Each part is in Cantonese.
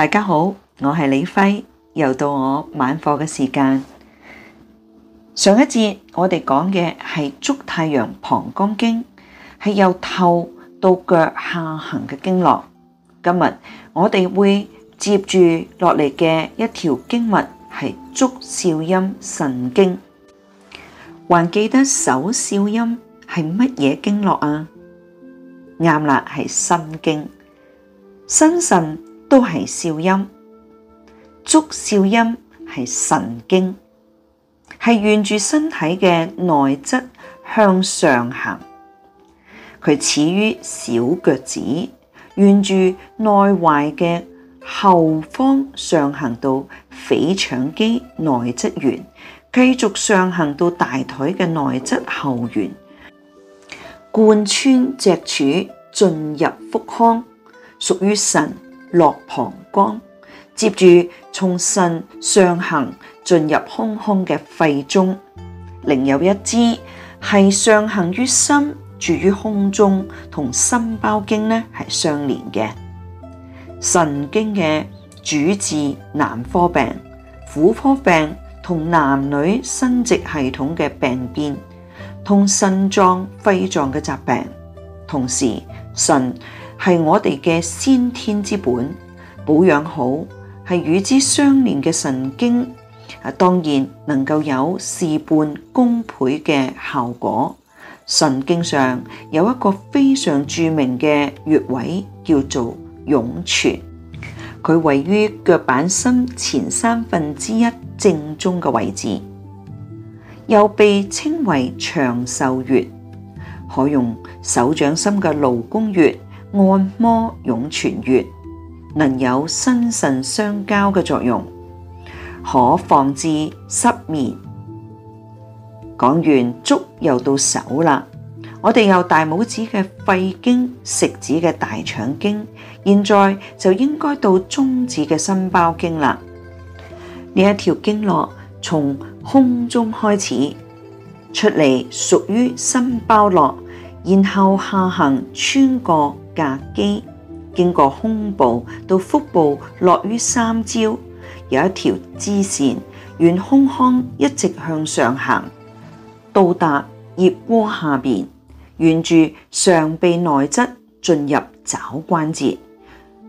大家好，我係李輝，又到我晚課嘅時間。上一節我哋講嘅係足太陽膀胱經，係由頭到腳下行嘅經絡。今日我哋會接住落嚟嘅一條經脈係足少陰腎經，還記得手少陰係乜嘢經絡啊？啱啦，係心經，心腎。都係少陰。足少陰係腎經，係沿住身體嘅內側向上行。佢始於小腳趾，沿住內踝嘅後方上行到腓腸肌內側緣，繼續上行到大腿嘅內側後緣，貫穿脊柱進入腹腔，屬於腎。落膀胱，接住從腎上行進入胸腔嘅肺中，另有一支係上行於心，住於胸中，同心包經呢係相連嘅。腎經嘅主治男科病、婦科病同男女生殖系統嘅病變，同腎臟、肺臟嘅疾病，同時腎。係我哋嘅先天之本，保養好係與之相連嘅腎經啊，當然能夠有事半功倍嘅效果。腎經上有一個非常著名嘅穴位叫做湧泉，佢位於腳板心前三分之一正中嘅位置，又被稱為長壽穴，可用手掌心嘅勞宮穴，按摩湧泉穴，能有心腎相交嘅作用，可防治失眠。講完足又到手啦，我哋由大拇指嘅肺經、食指嘅大腸經，現在就應該到中指嘅心包經啦。呢一條經絡從胸中開始出嚟，屬於心包絡。然後下行穿過膈肌，經過胸部到腹部，落於三焦，有一條支線沿胸腔一直向上行，到達腋窩下邊，沿住上臂內側進入肘關節，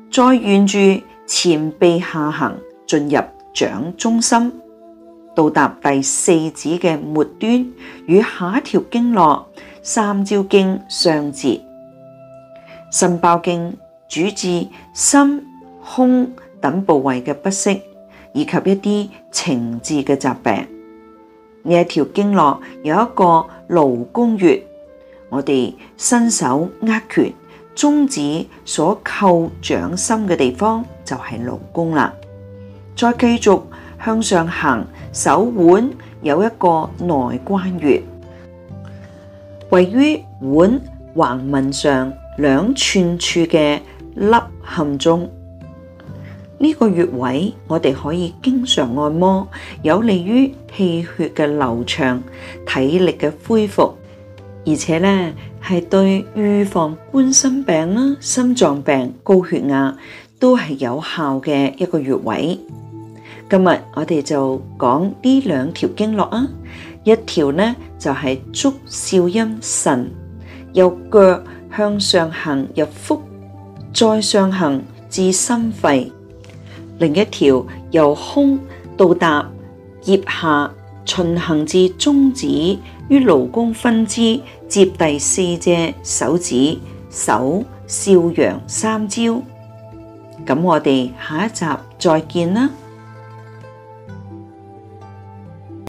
再沿住前臂下行進入掌中心，到達第四指嘅末端，與下一條經絡。三焦經上節，心包經主治心、胸等部位嘅不適，以及一啲情志嘅疾病。呢條經絡有一個勞宮穴，我哋伸手握拳，中指所扣掌心嘅地方就係勞宮啦。再繼續向上行，手腕有一個內關穴。位於腕橫紋上兩寸處嘅凹陷中，呢、這個穴位我哋可以經常按摩，有利於氣血嘅流暢、體力嘅恢復，而且呢，係對預防冠心病、心臟病、高血壓都係有效嘅一個穴位。今日我哋就講呢兩條經絡啊，一條呢就係足少陰腎，由腳向上行入腹，再上行至心肺；另一條由胸到達腋下，循行至中指，於勞宮分支接第四隻手指手少陽三焦。咁我哋下一集再見啦！